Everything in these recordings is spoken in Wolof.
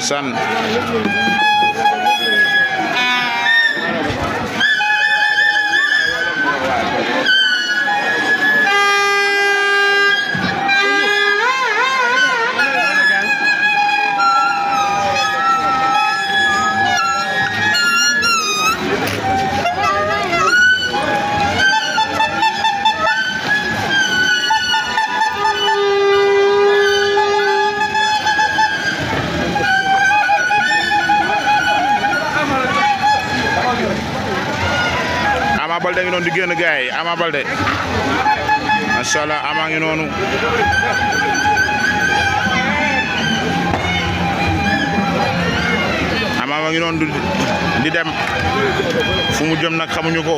ndeysaan noonu génn gars yi Ama Baldé macha ngi noonu. Ama ma ngi noonu di dem fu mu jëm nag xamuñu ko.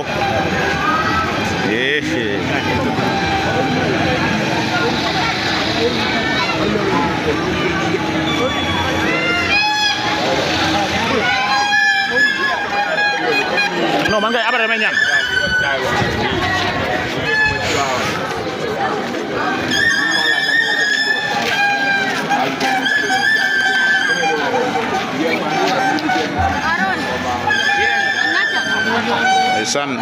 non man kay après damay ñaan drive on the beach. Hey son.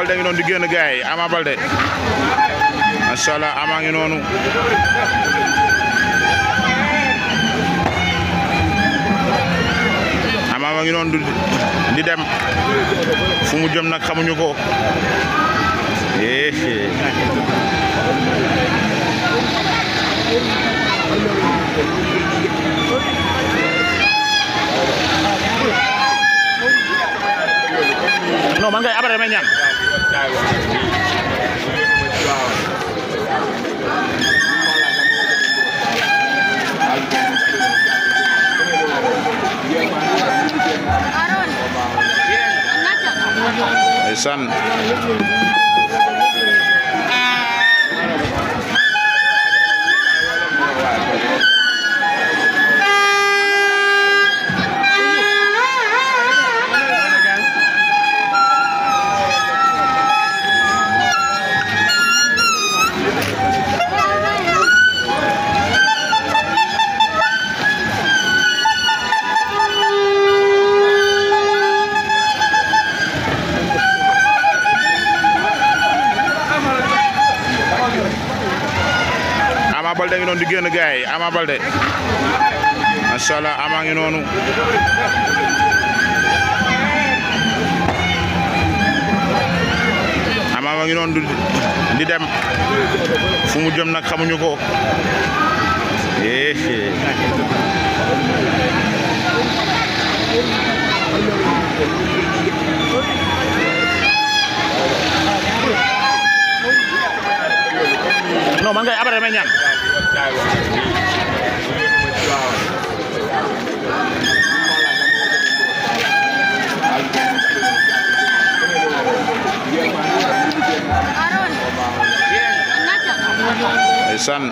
Balde ngi noonu di génn gars yi Ama Balde macha allah Ama ngi noonu. Ama ma dem fu mu jëm nag xamuñu ko. non man kay après damay ñaan. Aron. Aron. Aron. Balde ngi noonu di génn gars yi Balde macha allah ngi noonu. Ama ma ngi noonu di dem fu mu jëm nag xamuñu ko. non San.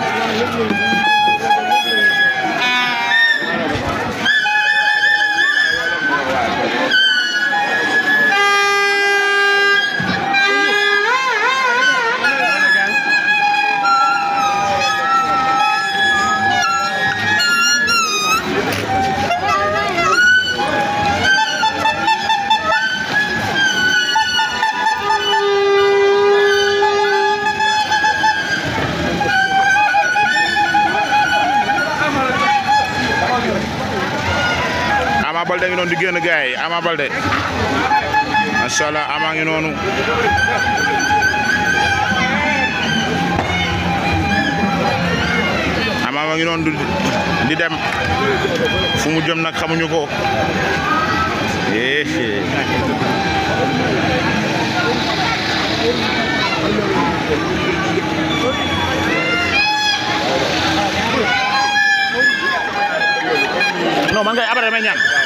di génn gaay Ama Baldé macha allah Ama ngi noonu Ama ma di dem fu mu jëm nag xamuñu ko non man kay après damay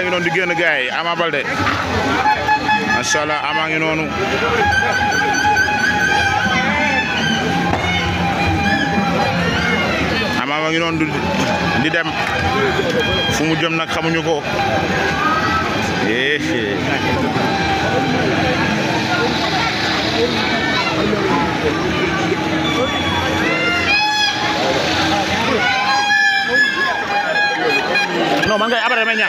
Baldé ngi noonu di génn gars yi Ama Baldé macha allah Ama ngi noonu. Ama ma ngi noonu di dem fu mu jëm nag xamuñu ko. non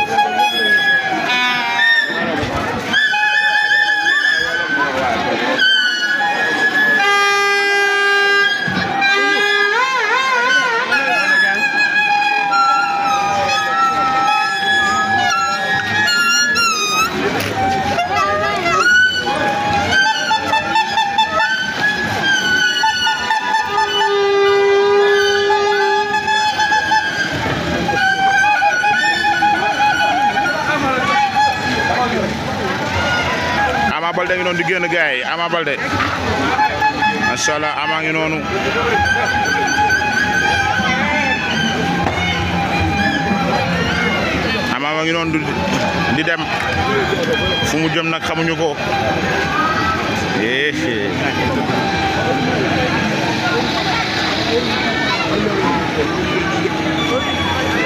Ama Baldé ngi noonu di génn gars yi Ama Baldé macha allah Ama ngi noonu. Ama ma ngi noonu di dem fu mu jëm nag xamuñu ko.